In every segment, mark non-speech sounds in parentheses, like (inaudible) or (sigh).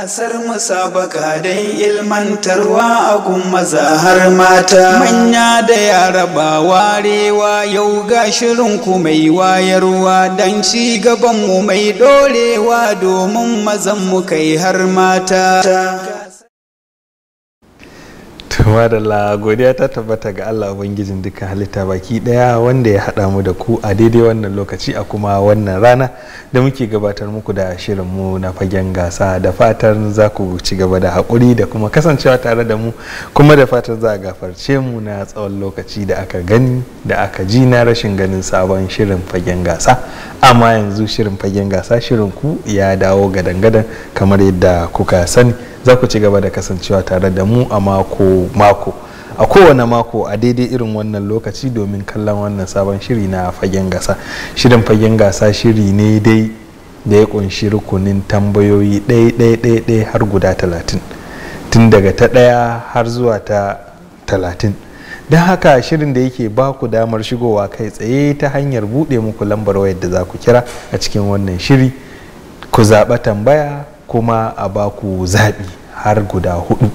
Kasar musabaka don ilmantarwa a maza har mata manya da yara ba warewa yau ga shirinku mai wayarwa don ci gabanmu mai dorewa domin mazan mu kai har mata. da la godiya ta tabbata ga allah ubangijin duka halitta baki daya wanda ya haɗa mu da ku a daidai wannan lokaci a kuma wannan rana da muke gabatar muku da shirin mu na fagen gasa da fatan za ku ci gaba da haƙuri da kuma kasancewa tare da mu kuma da fatan za a gafarce mu na tsawon lokaci da aka gani da aka ji na rashin ganin sabon shirin fagen gasa amma yanzu shirin fagen gasa shirin ku ya dawo gadan-gadan kamar yadda kuka sani za ku ci gaba da kasancewa tare da mu a mako mako a kowane mako a daidai irin wannan lokaci domin kallon wannan sabon shiri na fagen gasa shirin fagen gasa shiri ne dai da ya kunshi rukunin tambayoyi ɗaya har guda talatin tun daga ta ɗaya har zuwa ta talatin don haka shirin da yake ba ku damar shigowa kai tsaye ta hanyar buɗe muku lambar wayar da za ku kira a cikin wannan shiri ku zaɓa tambaya kuma a baku zaɓi har guda hudu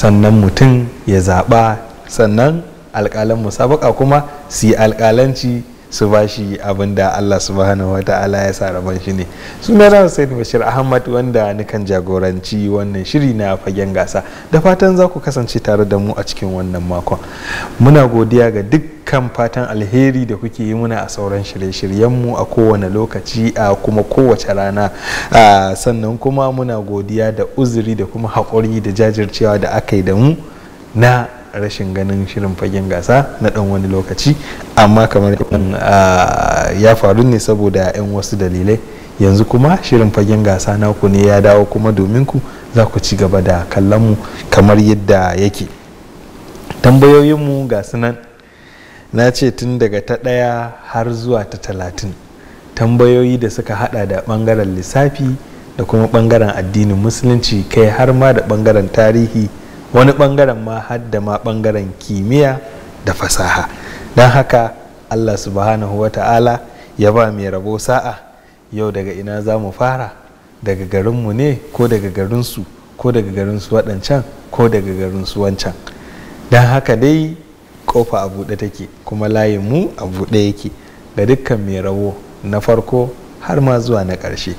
sannan mutum ya zaɓa sannan alƙalan musabaka kuma su yi alƙalanci su ba shi abin da Allah subhanahu wa ya sa rabon shi ne suna na Hussein Bashir Ahmad wanda kan jagoranci wannan shiri na fagen gasa da fatan za ku kasance tare da mu a cikin wannan makon muna godiya ga dukkan fatan alheri da kuke yi muna a sauran shirye-shiryenmu a kowane lokaci a kuma kowace rana sannan kuma muna godiya da uzuri da kuma haƙuri da jajircewa da aka yi da mu na rashin ganin shirin fagen gasa na dan wani lokaci amma kamar ya faru ne saboda 'yan wasu dalilai yanzu kuma shirin fagen gasa naku ne ya dawo kuma domin ku za ku ci gaba da kallon mu kamar yadda yake tambayoyinmu ga sunan na ce tun daga ta ɗaya har zuwa ta talatin tambayoyi da suka hada da ɓangaren lissafi da kuma ɓangaren addinin musulunci kai har ma da ɓangaren tarihi wani bangaren ma har da ma bangaren kimiyya da fasaha don haka allah subhanahu wa ta'ala ya ba mai rabo sa'a yau daga ina za mu fara daga garinmu ne ko daga garinsu ko daga garinsu waɗancan ko daga garinsu wancan don haka dai kofa a buɗe take kuma layin mu a buɗe yake ga dukkan mai rabo na farko har ma zuwa na ƙarshe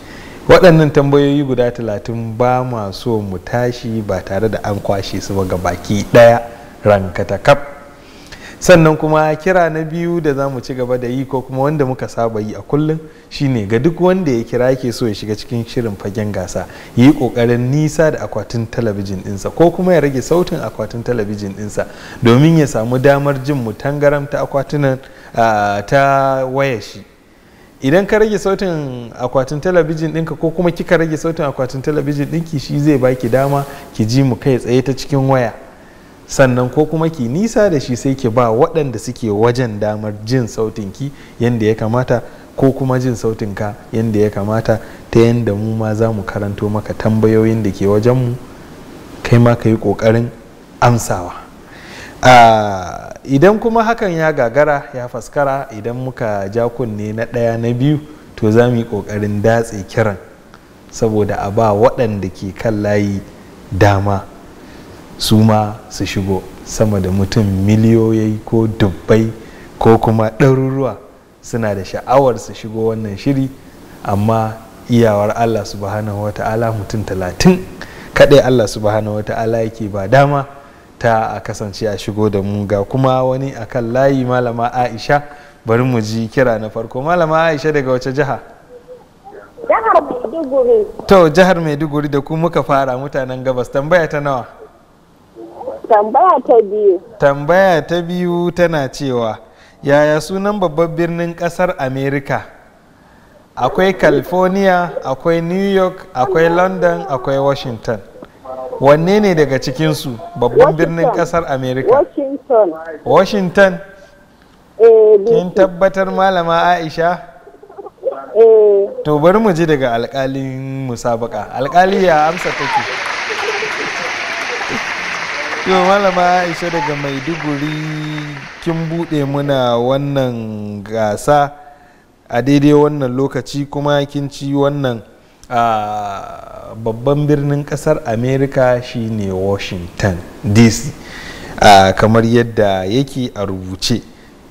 waɗannan tambayoyi guda talatin ba ma so mu tashi ba tare da an kwashe su ba baki ɗaya rankata kaf sannan kuma kira na biyu da za mu ci gaba da yi ko kuma wanda muka saba yi a kullum shine ga duk wanda ya kira ke so ya shiga cikin shirin fagen gasa ya yi ƙoƙarin nisa da akwatin talabijin dinsa ko kuma ya rage sautin akwatin talabijin ɗinsa domin ya samu damar jin mu tangaram ta akwatunan ta wayashi. shi idan ka rage sautin akwatin talabijin ɗinka ko kuma kika rage sautin akwatin talabijin ɗinki shi zai baki dama ki ji mu kai tsaye ta cikin waya sannan ko kuma ki nisa da shi sai ki ba waɗanda suke wajen damar jin sautinki yadda ya kamata ko kuma jin sautinka yadda ya kamata ta yanda mu ma za mu karanto maka tambayoyin da ke wajen mu kai ma ka yi ƙoƙarin amsawa ah, idan kuma hakan ya gagara ya faskara idan muka ja kunne na ɗaya na biyu to za mu yi ƙoƙarin datse kiran saboda a ba waɗanda ke kan layi dama su ma su shigo sama da mutum miliyoyi ko dubbai ko kuma ɗaruruwa suna da sha'awar su shigo wannan shiri amma iyawar allah subhanahu wata'ala mutum talatin kaɗai allah subhanahu wata'ala yake ba dama ta kasance a shigo da mu ga kuma wani akan layi malama aisha bari mu ji kira na farko malama aisha daga wace jiha jihar maiduguri to jihar maiduguri da ku muka fara mutanen gabas tambaya ta nawa tambaya ta biyu tambaya ta biyu tana cewa yaya sunan babban birnin kasar america akwai california akwai new york akwai london akwai washington wanne ne daga cikinsu babban birnin kasar america washington eh, kin tabbatar malama aisha eh. to bari mu ji daga alkalin musabaka alkali ya amsa take to malama aisha daga maiduguri kin buɗe muna wannan gasa a daidai wannan lokaci kuma kin ci wannan a babban birnin kasar america shine washington dc kamar yadda yake a rubuce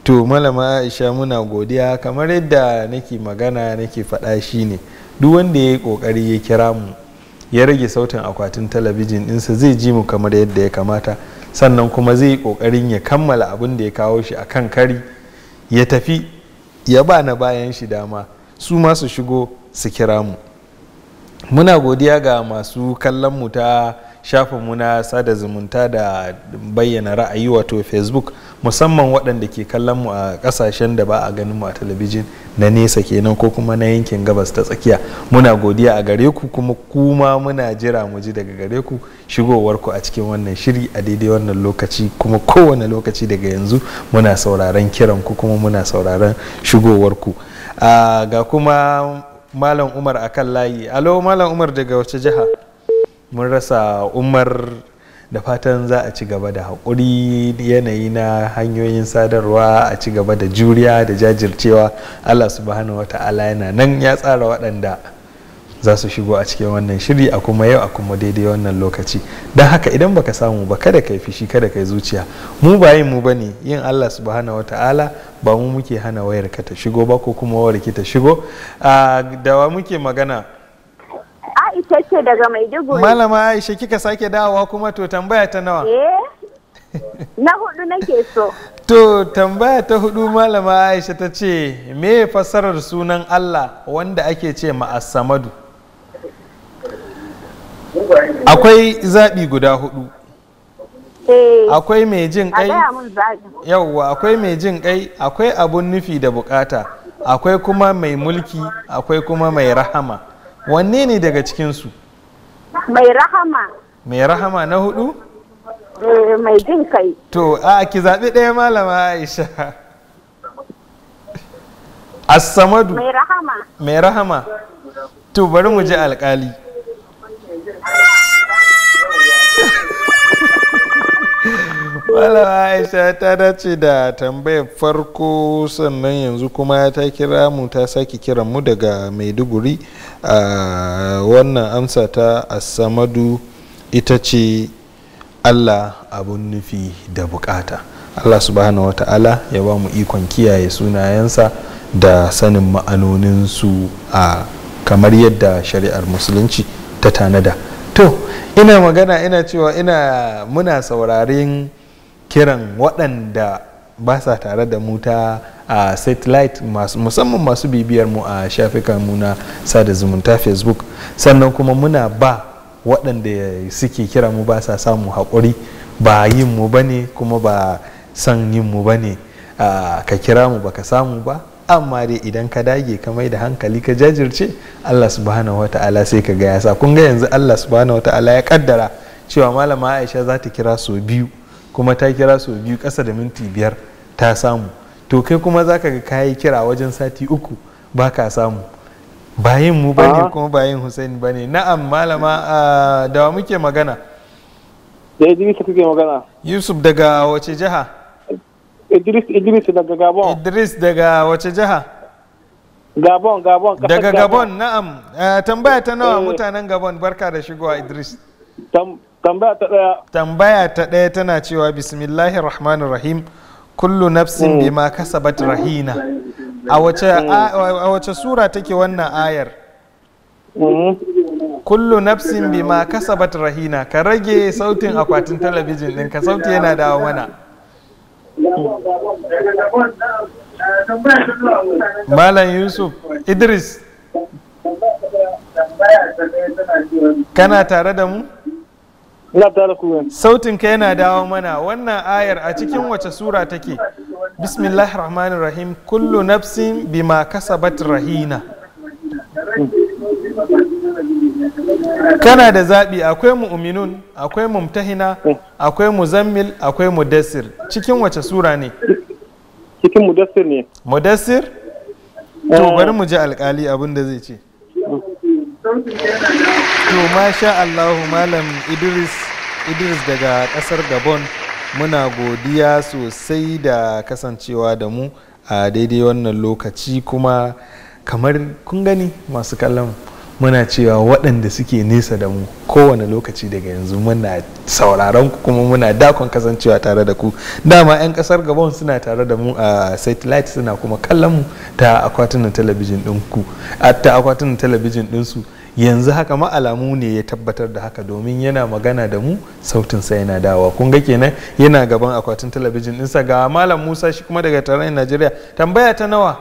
to malama aisha muna godiya kamar yadda nake magana nake faɗa shine duk wanda ya yi ƙoƙari ya kira mu ya rage sautin akwatin talabijin ɗinsa zai ji mu kamar yadda ya kamata sannan kuma zai yi ƙoƙarin ya kammala abin da ya kawo shi a kan kari ya tafi ya ba na bayan shi dama su ma su shigo su kira mu muna godiya ga masu kallon mu ta mu na sada zumunta da bayyana ra'ayi wato facebook musamman waɗanda ke kallon mu a ƙasashen da ba a ganin mu a talabijin na nesa kenan ko kuma na yankin gabas ta tsakiya muna godiya a gare ku kuma kuma muna jira mu ji daga gare ku shigowar ku a cikin wannan shiri a daidai wannan lokaci kuma kowane lokaci daga yanzu muna sauraron kiran ku kuma muna sauraron shigowar ku ah, ga kuma malam umar a kan layi alo malam umar daga wace jiha mun rasa umar da fatan za a ci gaba da haƙuri yanayi na hanyoyin sadarwa a ci gaba da juriya da jajircewa allah subhanahu wa ta'ala yana nan ya tsara waɗanda za su shigo a cikin wannan shiri a kuma yau a kuma daidai wannan lokaci don haka idan baka samu ba kada yi fishi kada ka yi zuciya mu ba yin mu ne yin Allah hana wa ta'ala ba mu muke hana wayar ka ta shigo ba ko kuma wayar ki ta shigo da wa muke magana Aisha ce daga Maiduguri Malama Aisha kika sake dawowa kuma to tambaya ta nawa eh, (laughs) na hudu nake so to tambaya ta hudu malama Aisha ta ce me fassarar sunan Allah wanda ake ce ma As-Samadu akwai zaɓi guda hudu eh. akwai mai jin kai yauwa akwai mai jin kai akwai abun nufi da bukata akwai kuma mai mulki akwai kuma mai rahama wanne ne daga cikinsu mai rahama mai rahama na hudu eh, mai jin kai to a ki zaɓi ɗaya malama aisha assamadu mai rahama mai rahama to bari mu ji alƙali malama aisha ta dace da tambayar farko sannan yanzu kuma ta kira mu ta sake kiran mu daga maiduguri a wannan amsa ta asamadu ita ce allah abun nufi da bukata allah subhanahu wa ta'ala ya ba mu ikon kiyaye sunayensa da sanin ma'anoninsu a kamar yadda shari'ar musulunci ta tanada to ina magana ina cewa ina muna saurarin. kiran waɗanda ba sa tare da mu ta a satellite musamman masu bibiyar mu a shafikan mu na sada zumunta facebook sannan kuma muna ba waɗanda suke kira mu ba sa samu haƙuri ba yin mu ba ne kuma ba son yin mu ba ne ka kira mu ka samu ba amma dai idan ka dage ka mai da hankali ka jajirce Allah subhanahu wata'ala sai ka ga ya sa kun ga yanzu Allah subhanahu wata'ala ya kaddara cewa malama Aisha za ta kira sau biyu kuma ta kira sau biyu ƙasa da minti biyar ta samu to kai kuma za ka ga kayi kira wajen sati uku ba ka samu bayin mu ba ne ah. kuma bayin Hussein ba ne na'am malama ah, da muke magana Idris magana Yusuf daga wace jiha Idris Gabon Idris daga wace jiha Gabon Gabon daga Gabon na'am eh, tambaya ta nawa eh. mutanen Gabon barka da shigowa Idris tambaya ta ɗaya tambaya ta tana cewa bismillahir rahmanir rahim kullu nafsin hmm. bima kasabat rahina a wace hmm. a wace sura take wannan ayar hmm. kullu nafsin bima kasabat rahina ka rage sautin akwatin talabijin din ka sauti yana dawo mana Malam Yusuf Idris kana tare da mu? sautin ka yana dawo mana wannan ayar a cikin wace sura take bismillah rahman rahim kullu nafsin bima kasabat rahina kana da zaɓi akwai mu uminun akwai mu Mutahina, akwai mu zammil akwai dasir cikin wace sura ne cikin dasir ne dasir to eh. bari mu ji alkali abin da zai ce to masha Allahu malam Idris Idris daga kasar Gabon muna godiya sosai da kasancewa da mu a daidai wannan lokaci kuma kamar kun gani masu kallon muna cewa waɗanda suke nesa da mu kowane lokaci daga yanzu muna sauraron ku kuma muna dakon kasancewa tare da ku dama 'yan kasar gabon suna tare da mu a satellite suna kuma kallon mu ta akwatunan talabijin ɗinsu yanzu haka ma'alamu ne ya tabbatar da haka domin yana magana da mu sautinsa yana dawa kun ga kenan yana gaban akwatin talabijin ɗinsa ga malam musa shi kuma daga tarayyar najeriya tambaya ta nawa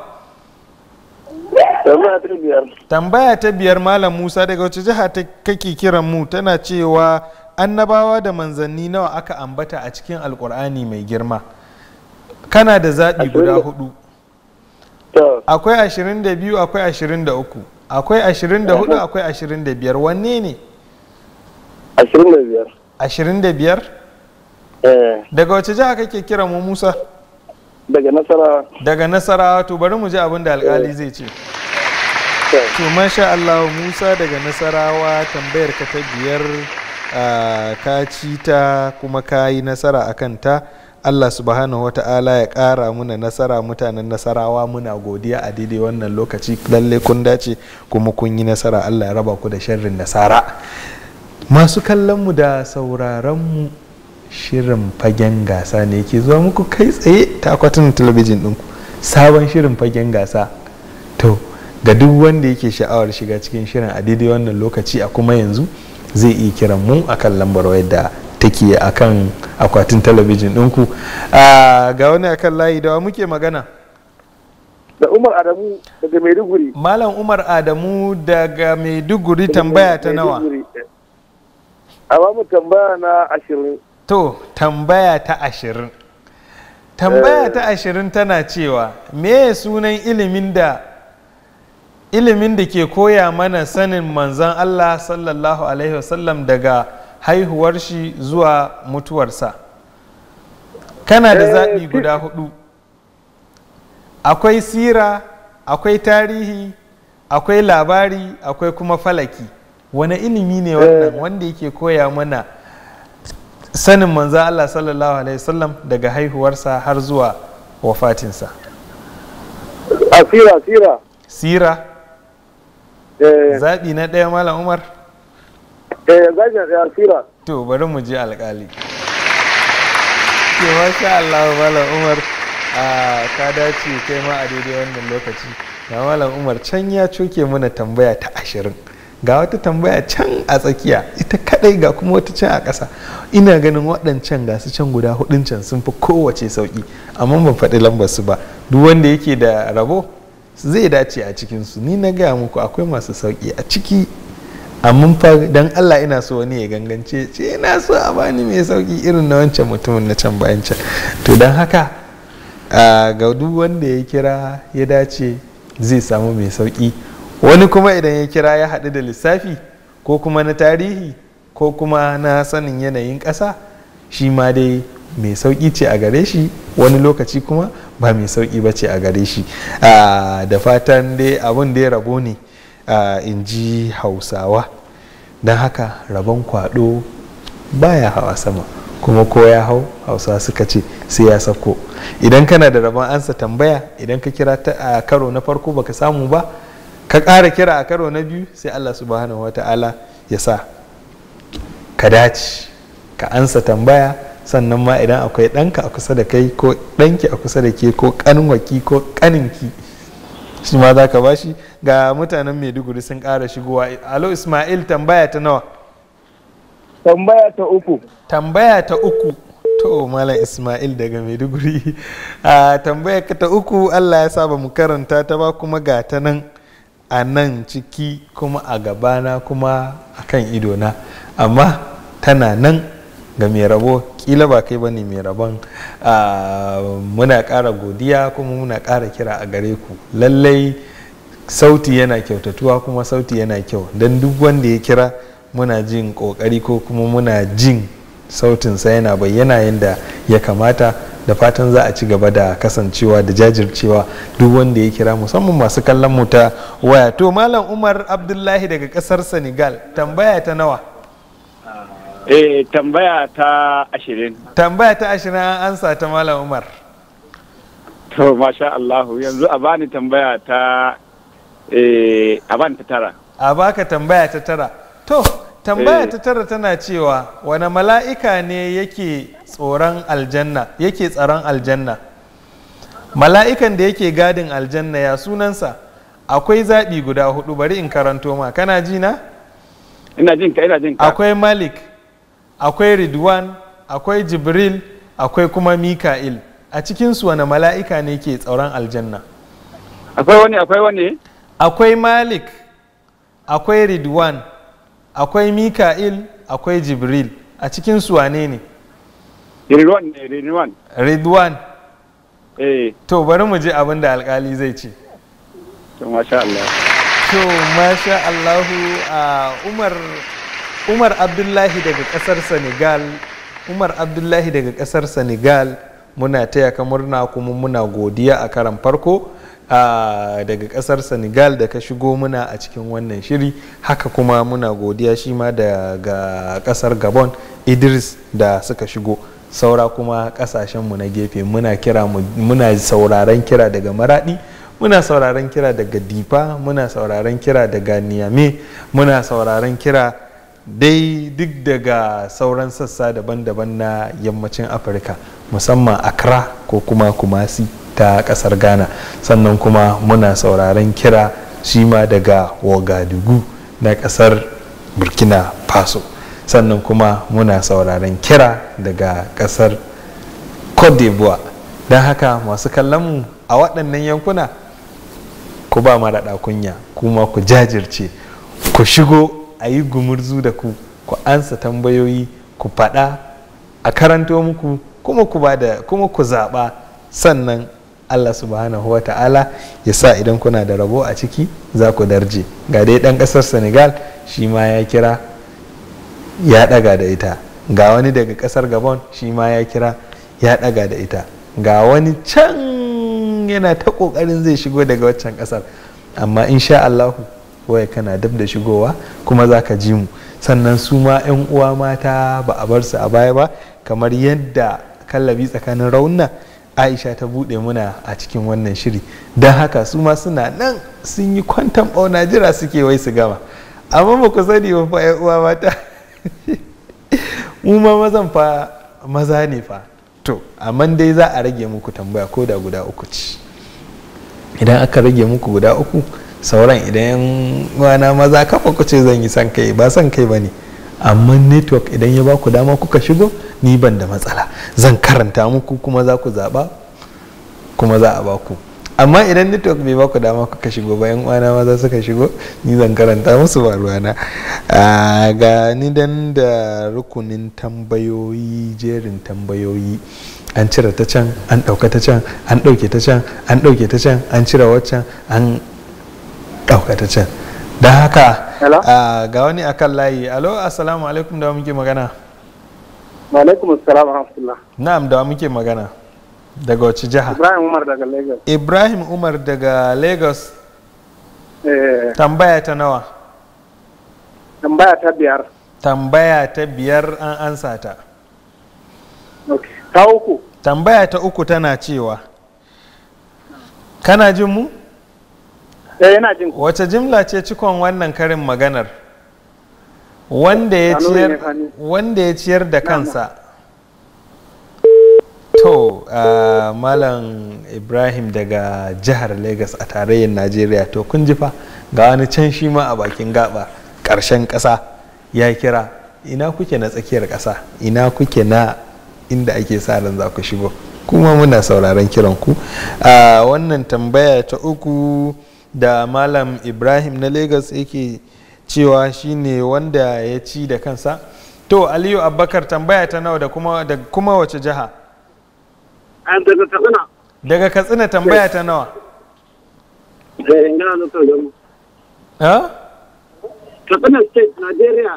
tambaya ta biyar malam musa daga wace jiha ta kake kiran mu tana cewa annabawa da manzanni nawa aka ambata a cikin alkur'ani mai girma kana da zaɓi guda hudu akwai 22 akwai 23 akwai 24 akwai 25 wanne ne 25 25 biyar. Eh. daga wace jiha kake kira mu Musa daga nasara daga nasara to bari mu ji abin da alkali zai ce eh. to masha Allah Musa daga nasarawa tambayar ka ta biyar ah, ka ci ta kuma ka yi nasara a kanta Allah subhanahu wa ta'ala ya ƙara muna nasara mutanen nasarawa muna godiya a daidai wannan lokaci lalle kun dace kuma kun yi nasara Allah ya raba ku da shirin nasara masu kallon mu da mu shirin fagen gasa ne ke zuwa muku kai tsaye ta akwatin talabijin ɗinku sabon shirin fagen gasa to ga duk wanda yake sha'awar shiga cikin shirin a daidai wannan lokaci a kuma yanzu zai iya kiran mu akan lambar wayar da take a kan akwatin talabijin ɗinku ga wani akan layi da muke magana da umar adamu daga maiduguri malam umar adamu daga maiduguri tambaya ta nawa a ba mu tambaya na ashirin to tambaya ta ashirin tambaya ta ashirin tana cewa me sunan ilimin da ilimin da ke koya mana sanin manzan allah sallallahu alaihi wasallam daga haihuwar shi zuwa mutuwarsa kana da eh, zaɓi guda hudu akwai sira akwai tarihi akwai labari akwai kuma falaki wani ilimi ne eh. wannan wanda yake koya mana sanin manzan Allah sallallahu alaihi wasallam daga haihuwarsa har zuwa wafatinsa a sira sira sira eh. zaɓi na ɗaya malam umar gashin eh, to bari mu je alkali ke masha Allah malam Umar ka dace kai ma a daidai wannan lokaci ga malam Umar can ya coke mana tambaya ta ashirin ga wata tambaya can a tsakiya ita kadai ga kuma wata can a ƙasa ina ganin waɗancan ga su can guda hudun can sun fi kowace sauƙi amma ban faɗi lambar su ba duk wanda yake da rabo zai dace a cikin su ni na gaya muku akwai masu sauƙi a ciki amma fa dan Allah ina so wani ya gangance ce ina so a bani mai sauki irin na wancan mutumin na can bayan can to dan haka ga duk wanda ya kira ya dace zai samu mai sauki wani kuma idan ya kira ya haɗu da lissafi ko kuma na tarihi ko kuma na sanin yanayin ƙasa shi ma dai mai sauƙi ce a gare shi wani lokaci kuma ba mai sauƙi ba ce a gare shi da fatan dai abin da ya rabo ne in ji hausawa don haka rabon kwado baya hawa sama kuma ko ya hau hausa suka ce sai ya sako idan kana da rabon ansa tambaya idan ka kira a karo na farko baka samu ba ka ƙara kira a karo na biyu sai allah subhanahu wata'ala ya sa ka dace ka ansa tambaya sannan ma idan akwai ɗanka a kusa da kai ko ɗanki a kusa da ke ko ƙanin ƙanwaki ko ƙaninki shi ma za ka ba shi? ga mutanen maiduguri sun ƙara shigowa alo ismail tambaya ta nawa tambaya ta uku tambaya ta uku to malam ismail daga maiduguri a tambaya ta uku allah ya saba mu karanta ta ba kuma ga ta nan a nan ciki kuma a gabana kuma a kan idona amma tana nan ga mai rabo kila ba kai bane mai rabon ah, muna ƙara godiya kuma muna ƙara kira a gare ku lallai sauti yana kyautatuwa kuma sauti yana kyau don duk wanda ya kira muna jin ƙoƙari ko kuma muna jin sa yana bayyana yadda ya kamata da fatan za a ci gaba da kasancewa da jajircewa duk wanda ya kira musamman masu kallon mu ta waya to malam umar abdullahi daga kasar senegal tambaya ta nawa eh tambaya ta ashirin tambaya ta ashirin an ansa ta malam umar to masha Allahu yanzu a bani tambaya ta eh a bani ta tara a baka tambaya ta tara to tambaya eh. ta tara tana cewa wani mala'ika ne yake tsoron aljanna yake tsaron aljanna mala'ikan da yake gadin aljanna ya sunansa akwai zaɓi guda hudu bari in karanto ma kana jina? ina jinka, ina jin ka akwai malik akwai ridwan akwai jibril akwai kuma mika'il a cikinsu wani mala'ika ne ke tsauran aljanna akwai wani akwai wani akwai malik akwai ridwan akwai mika'il akwai jibril a cikinsu wane ne ridwan ne ridwan ridwan eh to bari mu ji abin da alkali zai ce to masha Allah to masha Allahu a umar umar abdullahi daga kasar senegal umar abdullahi daga kasar senegal muna taya ka murna kuma muna godiya a karan farko daga kasar senegal da ka shigo muna a cikin wannan shiri haka kuma muna godiya shi ma daga kasar gabon idris da suka shigo saura kuma kasashenmu na gefe muna kira muna sauraron kira daga maradi muna sauraron kira daga difa muna sauraron kira daga niyame muna sauraron kira dai duk daga sauran sassa daban-daban na yammacin afirka musamman accra ko kuma kumasi ta kasar ghana sannan kuma muna sauraron kira shi ma daga wagadugu na kasar burkina faso sannan kuma muna sauraron kira daga kasar cote d'ivoire don haka masu kallonmu a waɗannan yankuna ku ba mara kunya kuma ku jajirce ku shigo a yi gumurzu da ku ku ansa tambayoyi ku faɗa a karanto muku kuma ku da kuma ku zaɓa sannan Allah subhanahu wa ta'ala ya sa idan kuna da rabo a ciki za ku darje ga dai ɗan ƙasar senegal shi ma ya kira ya ɗaga da ita ga wani daga ƙasar gabon shi ma ya kira ya ɗaga da ita ga wani can yana ta ƙoƙarin zai shigo daga waccan ƙasar amma insha Allahu waya kana dab da shigowa kuma za ka ji mu sannan su ma 'yan uwa mata ba a bar su a baya ba kamar yadda kallabi tsakanin raunna aisha ta bude muna a cikin wannan shiri don haka su ma suna nan sun yi kwantan bauna jira suke wai su gama amma ba ku sani ba fa uwa mata (laughs) mu ma mazan fa maza ne fa to amma dai za a rage muku tambaya ko da guda uku ce idan aka rage muku guda uku sauran idan wana maza kafa ku ce zan yi san kai ba san kai ba ne amma network idan ya baku dama kuka shigo ni ban da matsala zan karanta muku kuma za ku zaɓa kuma za a baku amma idan network bai baku dama kuka shigo ba yan uwana maza suka shigo ni zan karanta musu ba ruwana ga ni dan da rukunin tambayoyi jerin tambayoyi an cire ta can an ɗauka ta can an ɗauke ta can an ɗauke ta can an cire waccan an ɗaukataccen don haka ga wani akan layi alo assalamu alaikum da muke magana alaikum assalamu alaikum na'am da muke magana daga wace jiha ibrahim umar daga lagos ibrahim umar daga lagos eh. tambaya ta nawa tambaya ta biyar tambaya ta biyar an ansa ta ta uku tambaya ta uku tana cewa kana jin mu Eh, wace jimla ce cikon wannan karin maganar wanda ya ciyar da kansa to ah, malam ibrahim daga jihar lagos a tarayyar najeriya to kun ji fa ga wani can shi ma a bakin gaba ƙarshen ƙasa ya kira ina kuke na tsakiyar ƙasa ina kuke na inda ake sa ran za ku shigo kuma muna sauraron kiran ku ah, wannan tambaya ta uku da malam ibrahim na lagos yake cewa shi ne wanda ya ci da kansa to aliyu abubakar tambaya ta nawa da kuma wace jiha daga katsina daga katsina tambaya ta nawa eh,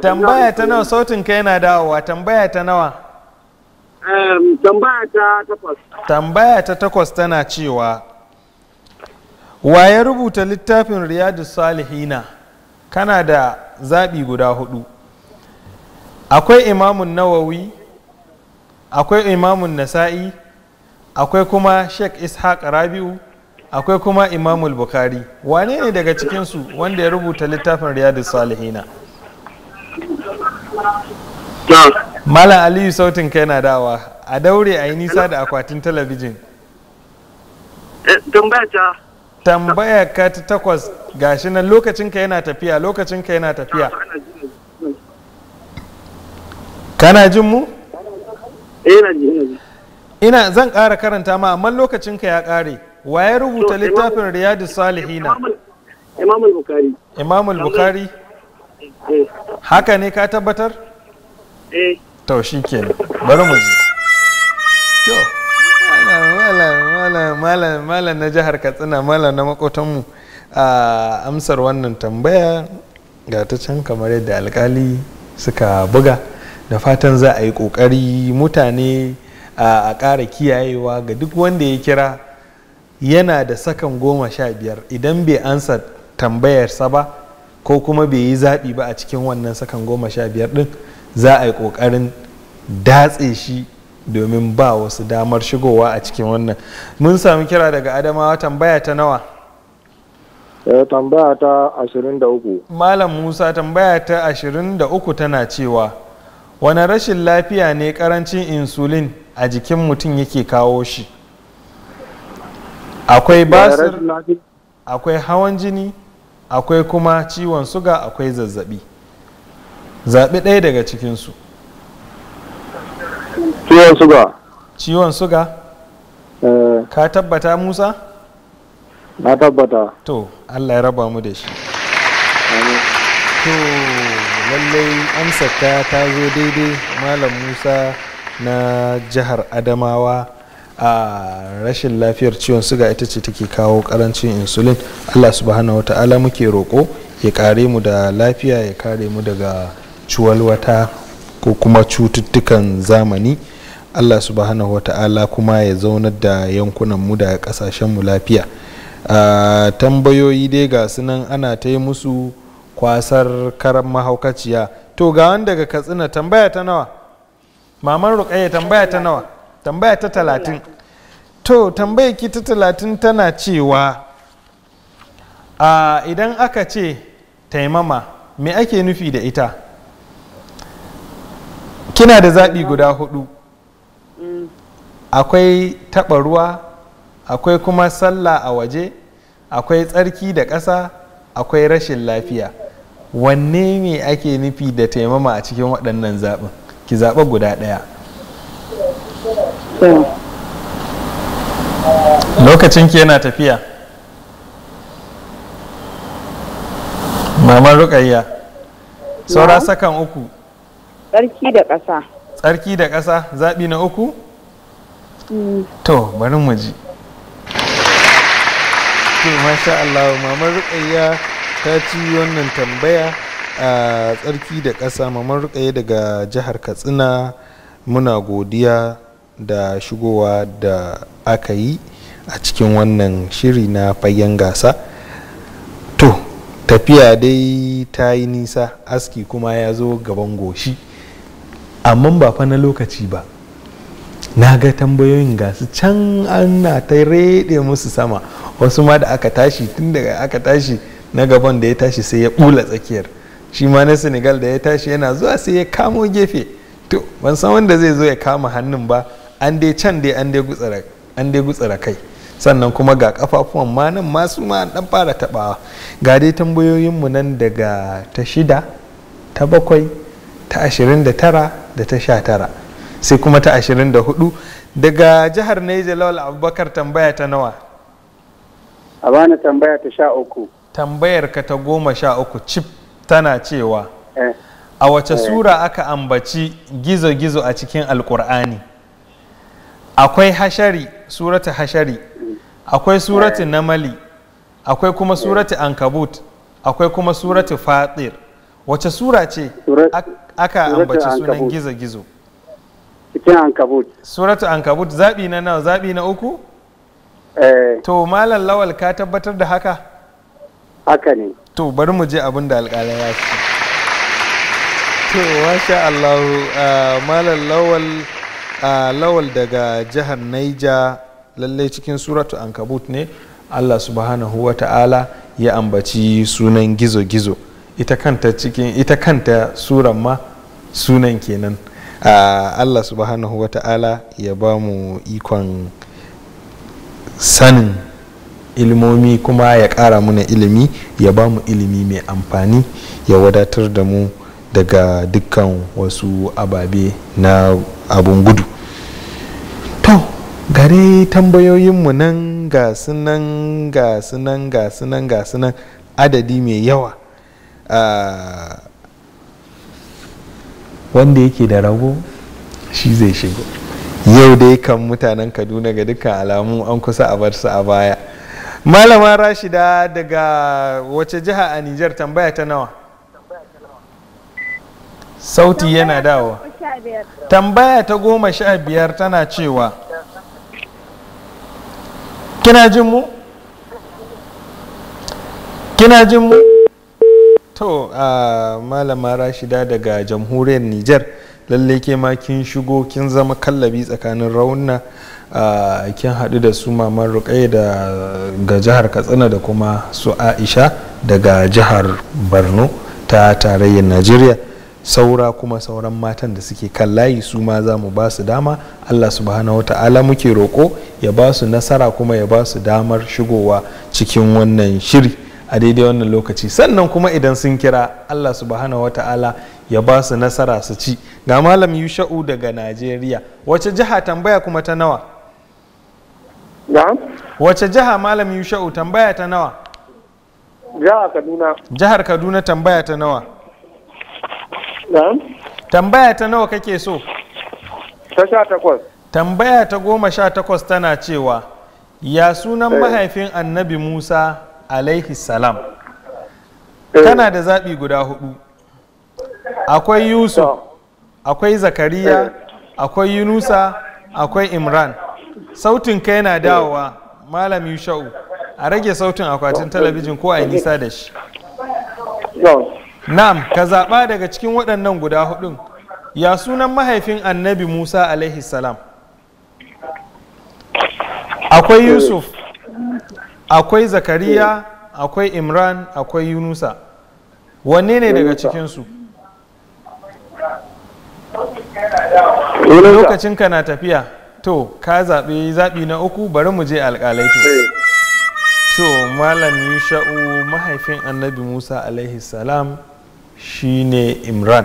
tambaya ta nawa sautin ka yana dawowa tambaya ta nawa tambaya ta takwas tana cewa wa ya rubuta littafin riyadu salihina kana da zaɓi guda hudu akwai imamun nawawi akwai imamun nasa'i akwai kuma sheikh ishaq rabi'u akwai kuma imamul bukari wane ne daga cikinsu wanda ya rubuta littafin riyadu salihina malam aliyu sautin kai na dawa a daure a yi nisa da akwatin talabijin eh, tambaya ka ta takwas gashi nan ka yana tafiya lokacinka yana tafiya kana jin mu eh, ina zan ƙara karanta ma amma lokacinka ya ƙare waye rubuta littafin riyadu salihina imamul bukari imamul bukari haka ne ka tabbatar eh ke shikenan bari mu ji to malam na jihar katsina malam na makotanmu a amsar wannan tambaya ga ta can kamar yadda alkali suka buga da fatan za a yi kokari mutane a ƙara kiyayewa ga duk wanda ya kira yana da sakan goma sha biyar idan bai ansa tambayarsa ba ko kuma bai yi zaɓi ba a cikin wannan sakan goma sha biyar ɗin za a yi ƙoƙarin datse shi domin ba wasu damar shigowa a cikin wannan mun sami kira daga adamawa tambaya ta nawa eh, tambaya ta 23 malam musa tambaya ta 23 tana cewa wani rashin lafiya ne karancin insulin a jikin mutum yake kawo shi akwai basir akwai hawan jini akwai kuma ciwon suga akwai zazzabi zaɓi ɗaya daga cikinsu ciwon suga ciwon suga eh. ka tabbata musa na tabbata to allah ya raba mu da shi to lallai amsarka ta zo daidai malam musa na jihar adamawa a rashin lafiyar ciwon suga ita ce take kawo karancin insulin allah subhanahu wa ta'ala muke roƙo ya kare mu da lafiya ya kare mu daga ciwalwata ko kuma cututtukan zamani allah subhanahu wata'ala kuma ya zaunar da yankunan mu da kasashenmu lafiya tambayoyi dai ga sunan ana ta yi musu kwasar karan mahaukaciya to ga wanda daga katsina tambaya ta nawa maman rukaya tambaya ta nawa tambaya ta talatin to tambaya ki ta talatin tana cewa idan aka ce taimama me ake nufi da ita kina da zaɓi guda hudu akwai taɓa ruwa akwai kuma sallah a waje akwai tsarki da ƙasa akwai rashin lafiya wanne ne ake nufi da taimama a cikin waɗannan zaɓin ki zaɓa guda ɗaya lokacin ki yana tafiya Mama rukayya saura sakan uku tsarki da ƙasa tsarki da ƙasa zaɓi na uku to bari mu ji to masha Allah mamar ta ci wannan tambaya a tsarki da ƙasa mamar Rukayya daga jihar Katsina muna godiya da shigowa da aka yi a cikin wannan shiri na fagen gasa to tafiya dai ta yi nisa aski kuma ya zo gaban goshi amma ba fa na lokaci ba na ga tambayoyin gasu can ana ta rede musu sama wasu ma da aka tashi tun daga aka tashi na gaban da ya tashi sai ya bula tsakiyar shi ma na senegal da ya tashi yana zuwa sai ya kamo gefe to ban san wanda zai zo ya kama hannun ba an dai can dai an dai gutsara kai sannan kuma ga kafafuwan ma nan masu ma dan fara tabawa ga dai tambayoyinmu nan daga ta shida ta bakwai ta ashirin da tara da ta sha tara sai kuma ta 24 daga jihar Neja Lawal Abubakar tambaya ta nawa a bani tambaya ta sha uku tambayar ka ta goma sha uku cif tana cewa eh. a wace eh. sura aka ambaci gizo-gizo a cikin alkur'ani akwai hashari surata hashari akwai surati eh. namali akwai kuma surati ankabut akwai kuma surati fatir wace sura ce aka ambaci sunan gizo-gizo cikin ankabut suratu ankabut zaɓi na nawa zaɓi na uku eh to malam lawal ka tabbatar da haka haka ne to bari mu je abin da alƙalai ya ce to masha Allah ah, malam lawal ah, lawal daga jihar Naija lallai cikin suratu ankabut ne Allah subhanahu wa ta'ala ya ambaci sunan gizo-gizo ita kanta cikin ita kanta suran ma sunan kenan allah subhanahu wa ta'ala ya ba mu ikon sanin ilmomi kuma ya kara muna ilimi ya ba mu ilimi mai amfani ya wadatar da mu daga dukkan wasu ababe na abun gudu to gare tambayoyinmu nan ga sunan ga sunan ga sunan ga sunan adadi mai yawa uh, wanda yake da rago shi zai shigo yau dai kan mutanen kaduna ga duka alamu an kusa a bar su a baya malama rashida daga wace jiha a nijar tambaya ta nawa sauti yana dawo tambaya ta goma sha biyar tana cewa kina jin mu kina jin mu to a malama rashida daga jamhuriyar niger lalle ke ma kin shigo kin zama kallabi tsakanin raunna kin haɗu da su maman rukai daga jihar katsina da kuma su aisha daga jihar borno ta tarayyar najeriya saura kuma sauran matan da suke kan layi su ma za mu ba su dama allah subhanahu wa ta'ala muke roƙo ya ba su nasara kuma ya ba su damar shigowa cikin wannan shiri a daidai wannan lokaci sannan kuma idan sun kira allah subhanahu wata'ala ya ba su nasara su ci ga malam yusha'u daga najeriya wace jiha tambaya kuma ta nawa wace jiha malam yusha'u tambaya ta nawa jihar kaduna jihar kaduna tambaya ta nawa tambaya ta nawa kake so ta sha takwas tambaya ta goma sha takwas tana cewa ya sunan eh. mahaifin annabi musa alaihi salam eh. kana da zaɓi guda hudu akwai yusuf akwai zakariya eh. akwai yunusa akwai imran sautin ka yana eh. dawowa malam yusha'u a rage sautin akwatin talabijin ko a yi nisa da shi na'am ka zaɓa daga cikin waɗannan guda hudun ya sunan mahaifin annabi musa alaihi salam akwai yusuf akwai zakariya akwai imran akwai yunusa wanne ne daga cikinsu lokacin ka na tafiya to ka zaɓi zaɓi na uku bari mu je alƙalai to eh. to malam sha'u mahaifin annabi musa alaihi salam ne imran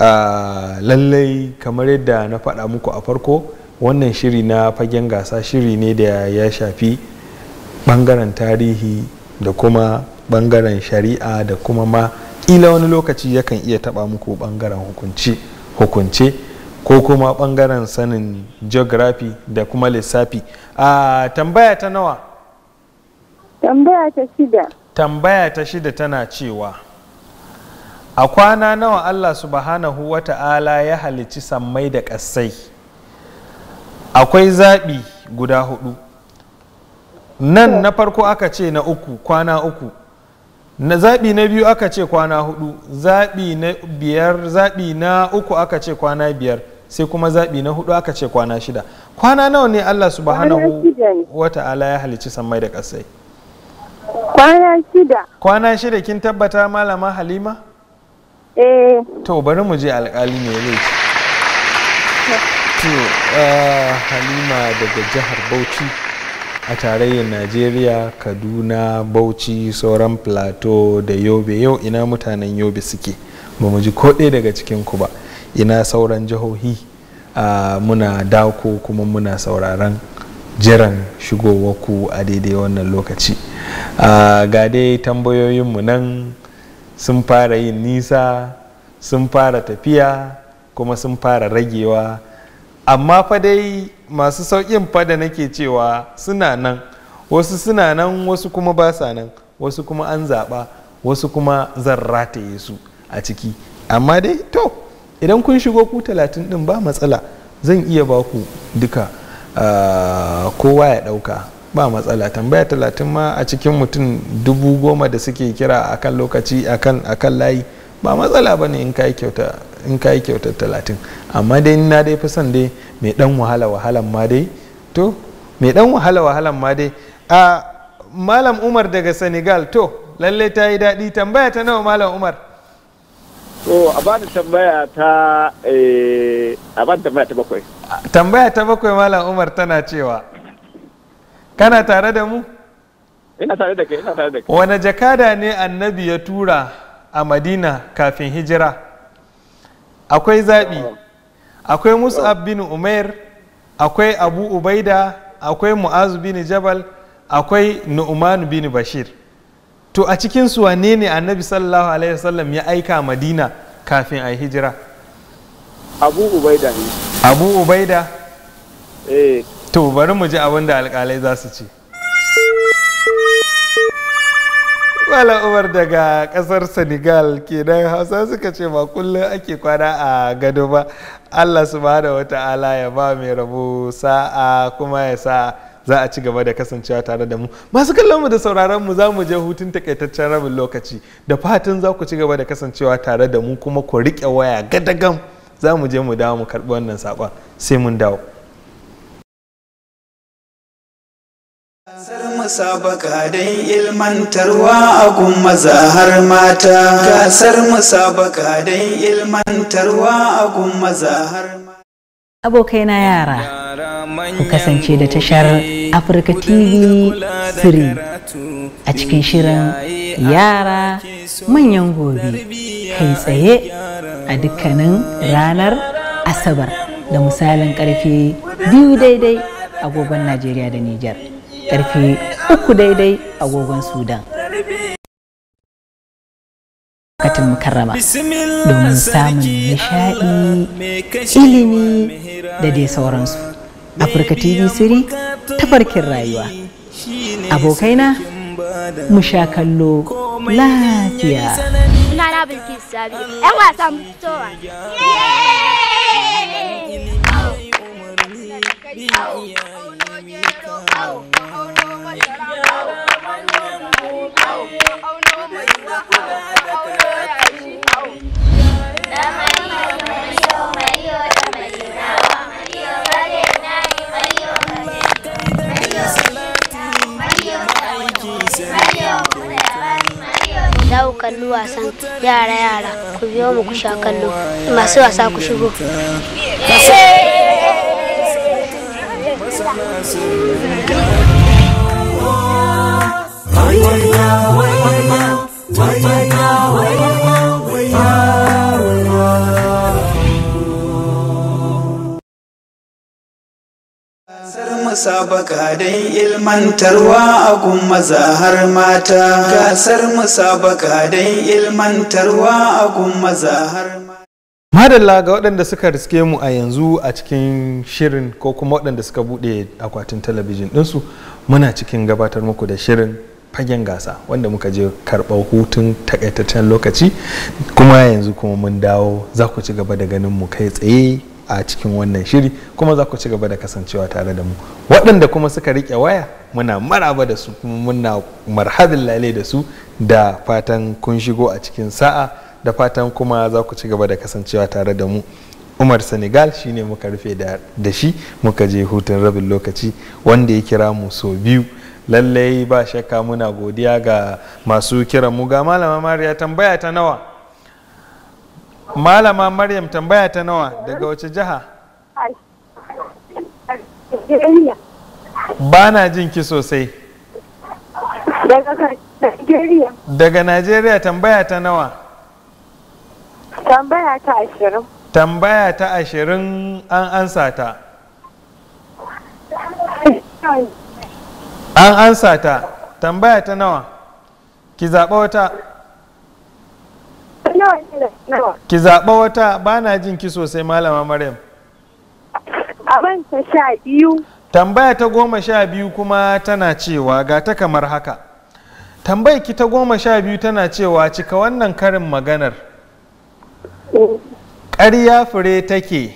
ah, lallai kamar yadda na faɗa muku a farko wannan shiri na fagen gasa shiri ne da ya shafi bangaren tarihi da kuma bangaren shari'a da kuma ma ila wani lokaci yakan iya taba muku bangaren hukunci hukunce ko kuma bangaren sanin geography da kuma lissafi a tambaya ta nawa tambaya ta shida tambaya ta shida tana cewa a kwana nawa allah subhanahu wa ta'ala ya halicci sammai da ƙasai akwai zaɓi guda hudu nan na farko aka ce na uku kwana uku na zaɓi na biyu aka ce kwana hudu zaɓi na biyar zaɓi na uku aka ce kwana biyar sai kuma zaɓi na hudu aka ce kwana shida kwana nawa ne Allah subhanahu wa ta'ala ya halicci sammai da ƙasai kwana shida kwana shida kin tabbata malama halima eh to bari mu je alƙali ne zai ci to eh, halima daga jihar bauchi a tarayyar najeriya kaduna bauchi sauran plateau da yobe yau ina mutanen yobe suke ba mu ji ko ɗaya daga cikinku ba ina sauran jihohi muna dako kuma muna sauraron jiran shigowaku a daidai wannan lokaci ga dai tambayoyinmu nan sun fara yin nisa sun fara tafiya kuma sun fara ragewa amma fa dai masu sauƙin fada nake cewa suna nan wasu suna nan wasu kuma ba sa nan wasu kuma an zaɓa wasu kuma zan rataye su a ciki amma dai to idan kun shigo ku talatin ɗin ba matsala zan iya ba ku duka kowa ya ɗauka ba matsala tambaya talatin ma a cikin mutum dubu goma da suke kira akan lokaci akan layi ba matsala ba ne in kai kyauta in ka yi kyautar talatin amma dai na dai fi son dai mai dan wahala wahalan ma dai to mai dan wahala wahalan ma dai a malam umar daga senegal to lalle ta yi daɗi tambaya ta nawa malam umar to a bani tambaya ta eh, a bani tambaya ta bakwai tambaya ta bakwai malam umar tana cewa kana tare da mu ina tare da kai ina tare da kai wani jakada ne annabi ya tura a madina kafin hijira akwai zaɓi akwai mus'ab bin umair akwai abu ubaida akwai mu'azu bin jabal akwai nu'man bin bashir to a cikin su wane ne annabi sallallahu alaihi wasallam ya aika madina kafin a hijira abu ubaida ne abu ubaida eh to bari mu ji abin da alƙalai za su ce Malam Umar daga kasar Senegal kenan Hausa suka ce ba kullum ake kwana a gado ba. Allah wata ala ya ba mai rabu sa'a kuma ya sa za a ci gaba da kasancewa tare da mu masu kallon mu da sauraron mu za mu je hutun takaitaccen rabin lokaci da fatan za ku ci gaba da kasancewa tare da mu kuma ku riƙe waya gadagam za mu je mu dawo mu karɓi wannan saƙon sai mun dawo musabaka don ilmantarwa a kun maza mata gasar musabaka don ilmantarwa a kun maza har abokai yara ku kasance da tashar afirka tv 3 a cikin shirin yara manyan gobe kai tsaye a dukkanin ranar asabar da misalin karfe biyu daidai agogon najeriya da nijar karfe uku daidai agogon sudan katin mukarrama domin samun nishaɗi ilimi da dai sauransu afirka tv siri tafarkin rayuwa abokaina mu sha kallo lafiya Yeah. kalli wasan yara yara ku biyo mu ku sha kallo masu wasa ku shigo Oh, yeah, yeah, yeah, yeah, yeah, yeah, yeah. musabaka don ilmantarwa a kun maza har mata gasar musabaka ilmantarwa a maza madalla ga waɗanda suka riske mu a yanzu a cikin shirin ko kuma waɗanda suka buɗe akwatin talabijin ɗinsu muna cikin gabatar muku da shirin fagen gasa wanda muka je karɓar hutun takaitaccen lokaci kuma yanzu kuma mun dawo za ku ci gaba da ganin mu kai tsaye a cikin wannan shiri kuma za ku ci gaba da kasancewa tare da mu waɗanda kuma suka riƙe waya muna maraba da su kuma muna marhabin lale da su da fatan kun shigo a cikin sa'a da fatan kuma za ku ci gaba da kasancewa tare da mu umar senegal shine muka rufe da shi muka je hutun rabin lokaci wanda ya kira mu sau biyu lallai ba shakka muna godiya ga masu kiran mu ga malama mariya tambaya ta nawa malama maryam tambaya ta nawa daga wace jiha ba na jin ki sosai daga najeriya tambaya ta nawa tambaya ta ashirin tambaya ta ashirin an ansa ta an ansa ta tambaya ta nawa ki zaɓa wata ki zaɓa wata ba na jin ki sosai malama maryam abin ta sha biyu tambaya ta goma sha biyu kuma tana cewa ga ta kamar haka tambayar ki ta goma sha biyu tana cewa cika wannan karin maganar ƙarya fure take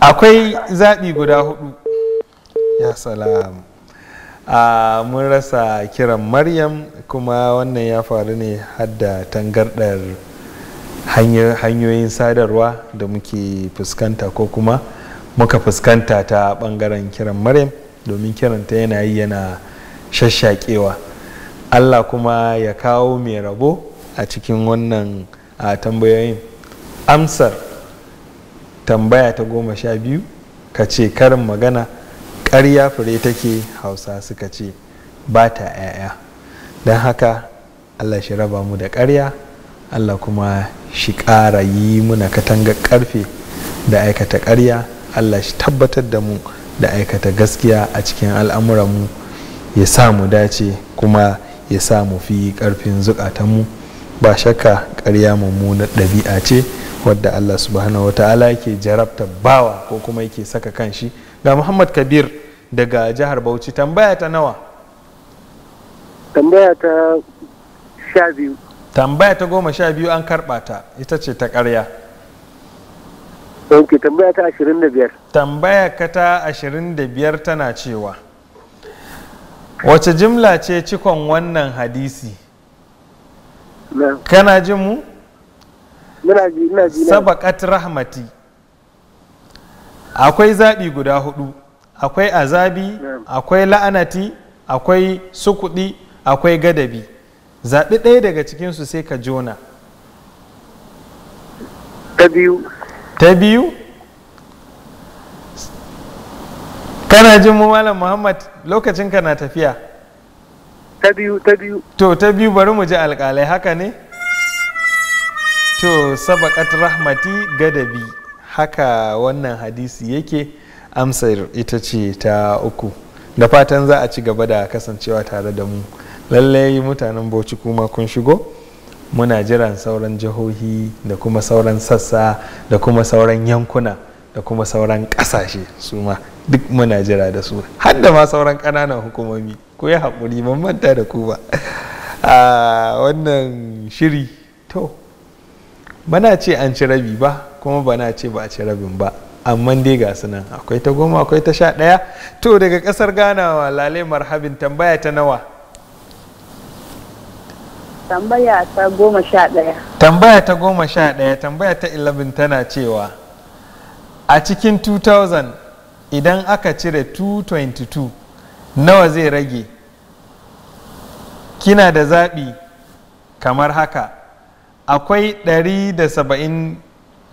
akwai zaɓi guda hudu ya salamu a mun rasa kiran maryam kuma wannan ya faru ne hadda tangardar hanyoyin sadarwa da muke fuskanta ko kuma muka fuskanta ta bangaren kiran maryam domin kiranta yana yi yana shashakewa allah kuma ya kawo mai rabo a cikin wannan tambayoyin amsar tambaya ta goma sha biyu ka ce karin magana ƙarya fure take hausa suka ce ba ta 'ya'ya don haka allah shi raba mu da ƙarya allah kuma shi ƙara yi muna katanga ƙarfe da aikata ƙarya allah shi tabbatar da mu da aikata gaskiya a cikin al'amuranmu ya sa mu dace kuma ya sa mu fi ƙarfin zukatanmu ba shakka ƙarya mummunar ɗabi'a ce wadda allah subhanahu wa ta'ala yake jarabta bawa ko kuma yake saka kanshi ga muhammad kabir daga jihar bauchi tambaya ta nawa tambaya ta sha biyu tambaya ta goma sha biyu an karba ta ita ce ta karya. ok tambaya ta ashirin da biyar tambaya ka ta ashirin da biyar tana cewa wace jimla ce cikon wannan hadisi kana jin mu? sabakat rahmati akwai zaɓi guda hudu akwai azabi akwai la'anati akwai sukudi akwai gadabi zaɓi ɗaya daga cikinsu sai ka jona ta biyu ta biyu kana jin mu malam muhammad lokacin ka na tafiya ta biyu ta biyu to ta biyu bari mu ji alƙalai haka ne to sabakat rahmati gadabi haka wannan hadisi yake amsar ita ce ta uku da fatan za a ci gaba da kasancewa tare da mu lallai mutanen bauchi kuma kun shigo muna jiran sauran jihohi da kuma sauran sassa da kuma sauran yankuna da kuma sauran kasashe su ma duk muna jira da su har da ma sauran kananan hukumomi ko ya haƙuri ban manta da ku ba a wannan shiri to bana ce an ci rabi ba kuma bana ce ba a ci rabin ba amma dai ga su nan akwai ta goma akwai ta sha ɗaya to daga ƙasar ganawa lale marhabin tambaya ta nawa tambaya ta goma sha ɗaya tambaya ta goma sha ɗaya tambaya ta 11 tana cewa a cikin 2000 idan aka cire 222 nawa zai rage kina da zaɓi kamar haka akwai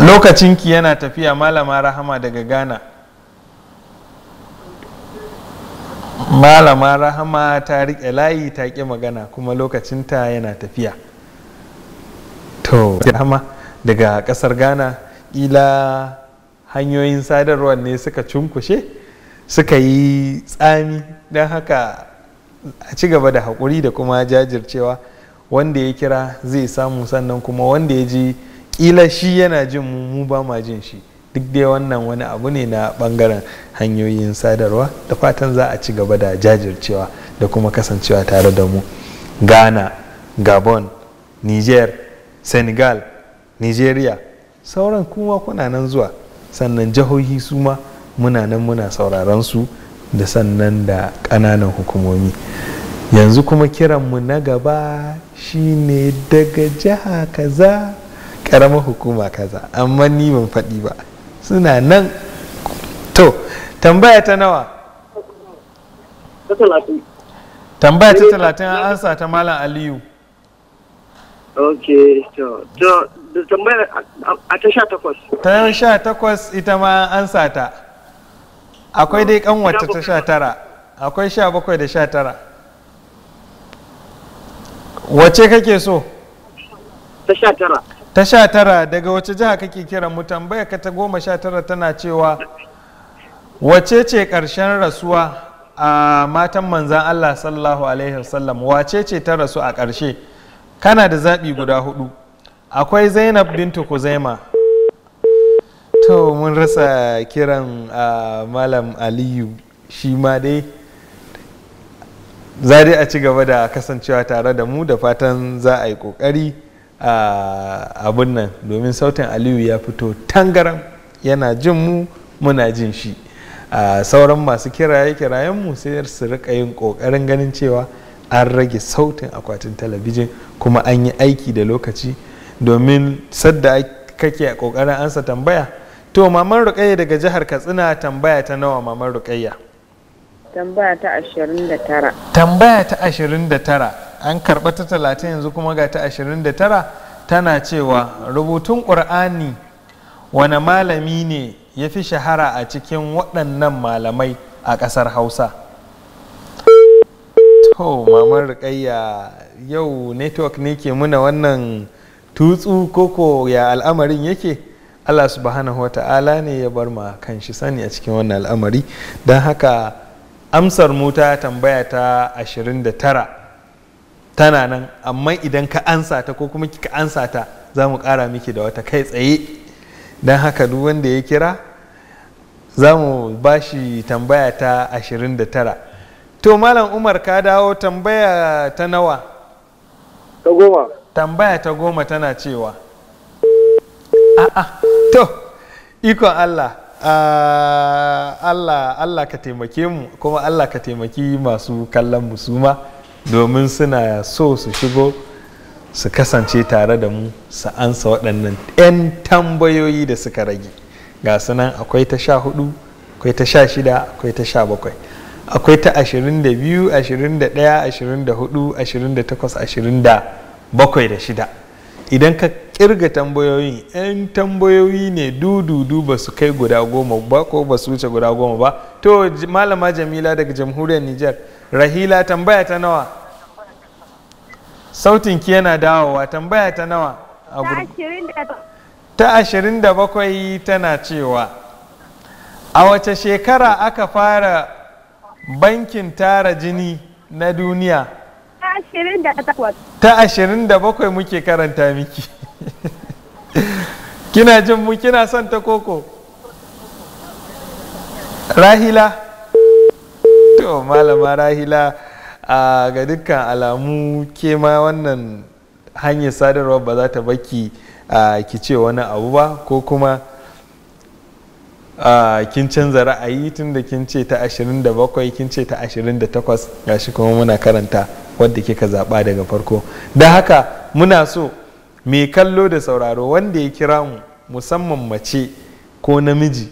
lokacin ki yana tafiya malama rahama daga ghana malama rahama ta riƙe layi ta ƙi magana kuma lokacinta yana tafiya to rahama daga ƙasar ghana ƙila hanyoyin sadarwar ne suka cunkushe suka yi tsami don haka a ci gaba da haƙuri da kuma jajircewa wanda ya kira zai samu sannan kuma wanda ya ji kila shi yana jin mu ba ma jin shi duk dai wannan wani abu ne na bangaren hanyoyin sadarwa da fatan za a ci gaba da jajircewa da kuma kasancewa tare da mu ghana gabon niger senegal nigeria sauran kuma kuna nan zuwa sannan jihohi su ma muna nan muna sauraron su da sannan da ƙananan hukumomi yanzu kuma kiranmu na gaba shine daga jiha kaza karamar hukuma kaza amma ni ban faɗi ba suna nan to tambaya ta nawa tambaya eh, ta talatin an ansa ta malam aliyu ok to tambaya a ta sha takwas ta sha takwas ita ma an ansa ta akwai dai kanwata ta sha tara akwai sha bakwai da sha tara wace kake so ta tara ta sha tara daga wace jiha kake kira mu tambaya ka ta goma sha tara tana cewa wace ce ƙarshen rasuwa a matan manzan Allah sallallahu alaihi wasallam wace ce ta rasu a ƙarshe kana da zaɓi guda hudu akwai zainab bintu kuzaima to mun rasa kiran malam aliyu shi ma dai za dai a ci gaba da kasancewa tare da mu da fatan za a yi ƙoƙari abin nan domin sautin aliyu ya fito tangaran yana jin mu muna jin shi sauran masu kiraye kirayen mu sai su rika yin kokarin ganin cewa an rage sautin akwatin talabijin kuma an yi aiki da lokaci domin sadda kake kokarin ansa tambaya to maman rukayya daga jihar katsina tambaya ta nawa maman rukayya tambaya ta 29 tambaya ta 29 an karɓa ta talatin yanzu kuma ga ta ashirin da tara tana cewa rubutun ƙur'ani wani malami ne ya fi shahara a cikin waɗannan malamai a ƙasar hausa to maman rikayya yau network ne ke muna wannan tutsu koko ya al'amarin yake allah subhanahu ta'ala ne ya bar ma kan shi sani a cikin wannan al'amari don haka amsar mu ta tambaya ta 29 tana nan amma idan ka ansa ta ko kuma ka ansa ta za mu ƙara miki da wata kai tsaye don haka duk wanda ya kira za mu ba shi tambaya ta 29 to malam umar ka dawo tambaya ta nawa ta goma tambaya ta goma tana cewa a'a to ikon allah Allah ka taimake mu kuma Allah ka taimaki masu kallon musuma. domin suna so su shigo su kasance tare da mu su ansa waɗannan 'yan tambayoyi da suka rage ga sunan akwai ta sha hudu akwai ta sha shida akwai ta sha bakwai akwai ta ashirin da biyu ashirin da ɗaya ashirin da hudu ashirin da takwas ashirin da bakwai da shida idan ka kirga tambayoyin 'yan tambayoyi ne dududu ba su kai guda goma ba ko ba su wuce guda goma ba to malama jamila daga jamhuriyar nijar rahila tambaya ta nawa sautin ki yana dawowa tambaya ta nawa ta ashirin da bakwai tana cewa a wace shekara aka fara bankin tara jini na duniya ta ashirin da bakwai muke karanta miki (laughs) kina jin mu kina son ta koko rahila to malama rahila a ga dukkan alamu ke ma wannan hanyar sadarwa ba za ta baki ki ce wani abu ba ko kuma kin canza ra'ayi tun da kin ce ta 27 kin ce ta 28 gashi kuma muna karanta wadda kika zaɓa daga farko da haka muna so mai kallo da sauraro wanda ya kira mu musamman mace ko namiji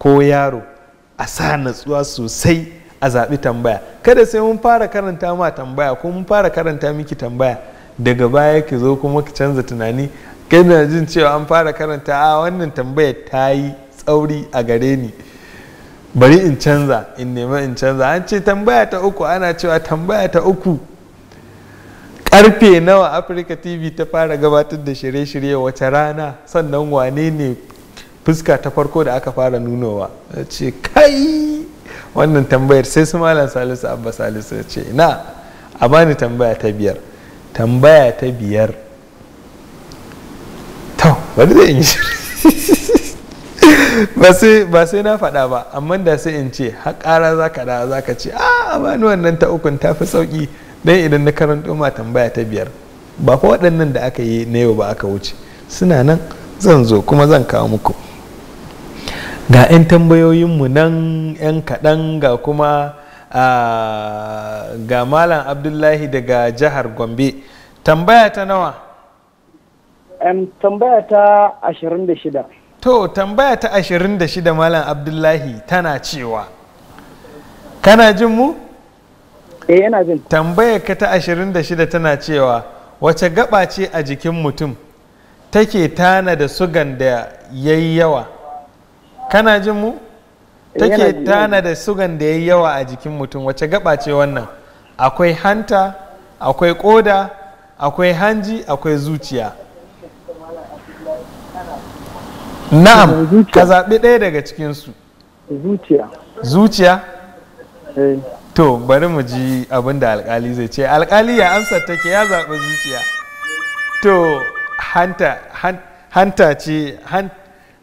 ko yaro a sa natsuwa sosai a zaɓi tambaya kada sai mun fara karanta ma tambaya ko mun fara karanta miki tambaya daga baya ki zo kuma ki canza tunani kai na jin cewa an fara karanta a wannan tambayar ta yi tsauri a gare ni bari in canza in nema in canza an ce tambaya ta uku ana cewa tambaya ta uku karfe nawa afirka tv ta fara gabatar da shirye-shirye wace rana sannan wane ne fuska ta farko da aka fara nunowa ce kai wannan tambayar sai su malam salisu abba salisu ce na a bani tambaya ta biyar tambaya ta biyar to wani zai yi ba sai na faɗa ba amma da sai in ce haƙara za ka da za ka ce ah, a bani wannan ta ukun ta fi sauƙi don idan na karanto ma tambaya ta biyar ba fa waɗannan da aka yi na yau ba aka wuce suna nan zan zo kuma zan kawo muku ga 'yan tambayoyinmu nan 'yan kaɗan ga kuma ga malam abdullahi daga jihar gombe tambaya ta nawa tambaya ta 26 to tambaya ta 26 malam abdullahi tana cewa kana jin mu? eh yana jin tambaya ka ta 26 tana cewa wace gaba ce a jikin mutum take tana da sugan da yayi yawa kana jin mu eh, take tana da sugan da ya yi yawa a jikin mutum wace gaba ce wannan akwai hanta akwai koda akwai hanji akwai zuciya na'am ka zaɓi ɗaya daga cikinsu zuciya zuciya eh. to bari mu ji abin da alkali zai ce alkali ya amsa take ya zaɓi zuciya to hanta hanta ce hanta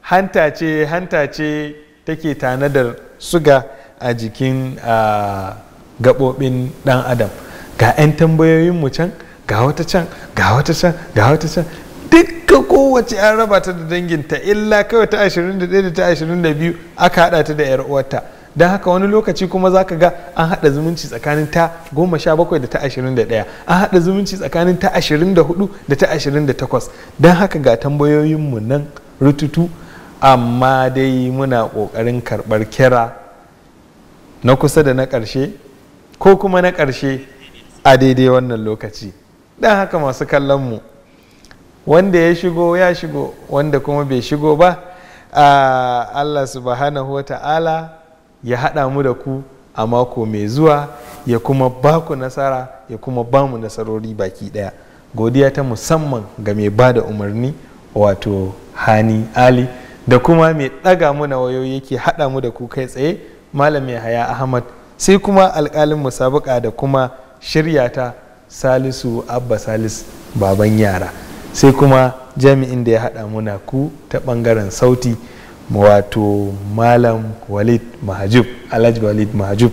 hanta ce hanta ce take tanadar suga a jikin gaɓoɓin ɗan adam ga 'yan tambayoyin mu can ga wata can ga wata can ga wata can dukka kowace an raba ta da danginta illa kawai ta 21 da ta 22 aka haɗa ta da 'yar uwarta don haka wani lokaci kuma za ka ga an haɗa zumunci tsakanin ta goma sha bakwai da ta ashirin da ɗaya an haɗa zumunci tsakanin ta ashirin da hudu da ta ashirin da takwas don haka ga tambayoyinmu nan rututu amma dai muna ƙoƙarin karɓar kira na kusa da na ƙarshe ko kuma na ƙarshe a daidai wannan lokaci don haka masu kallon mu wanda ya shigo ya shigo wanda kuma bai shigo ba allah subhanahu wa ta'ala ya haɗa mu da ku a mako mai zuwa ya kuma ba ku nasara ya kuma ba mu nasarori baki ɗaya godiya ta musamman ga mai ba da umarni wato hani ali da kuma mai ɗaga muna na wayoyi yake haɗa mu da ku kai tsaye malam haya ahmad sai kuma alƙalin musabika da kuma shirya ta salisu abba salis baban yara sai kuma jami'in da ya haɗa muna ku ta ɓangaren sauti wato malam walid mahajub alhaji walid mahajub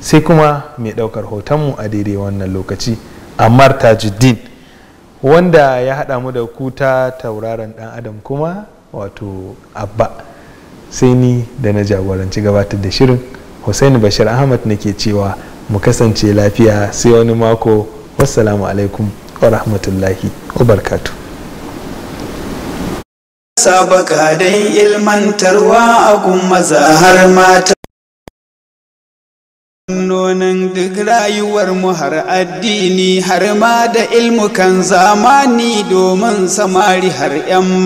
sai kuma mai ɗaukar hotonmu a daidai wannan lokaci ammar tajuddin wanda ya haɗa mu da ku ta tauraron ɗan adam kuma wato abba sai ni da na jagoranci gabatar da shirin hussaini bashir ahmad nake cewa mu kasance lafiya sai wani mako wassalamu alaikum wa rahmatullahi wa barkatu sabaka dai ilmantarwa a gummaza har mata duk rayuwar mu har addini har ma da ilmukan zamani domin samari har 'yan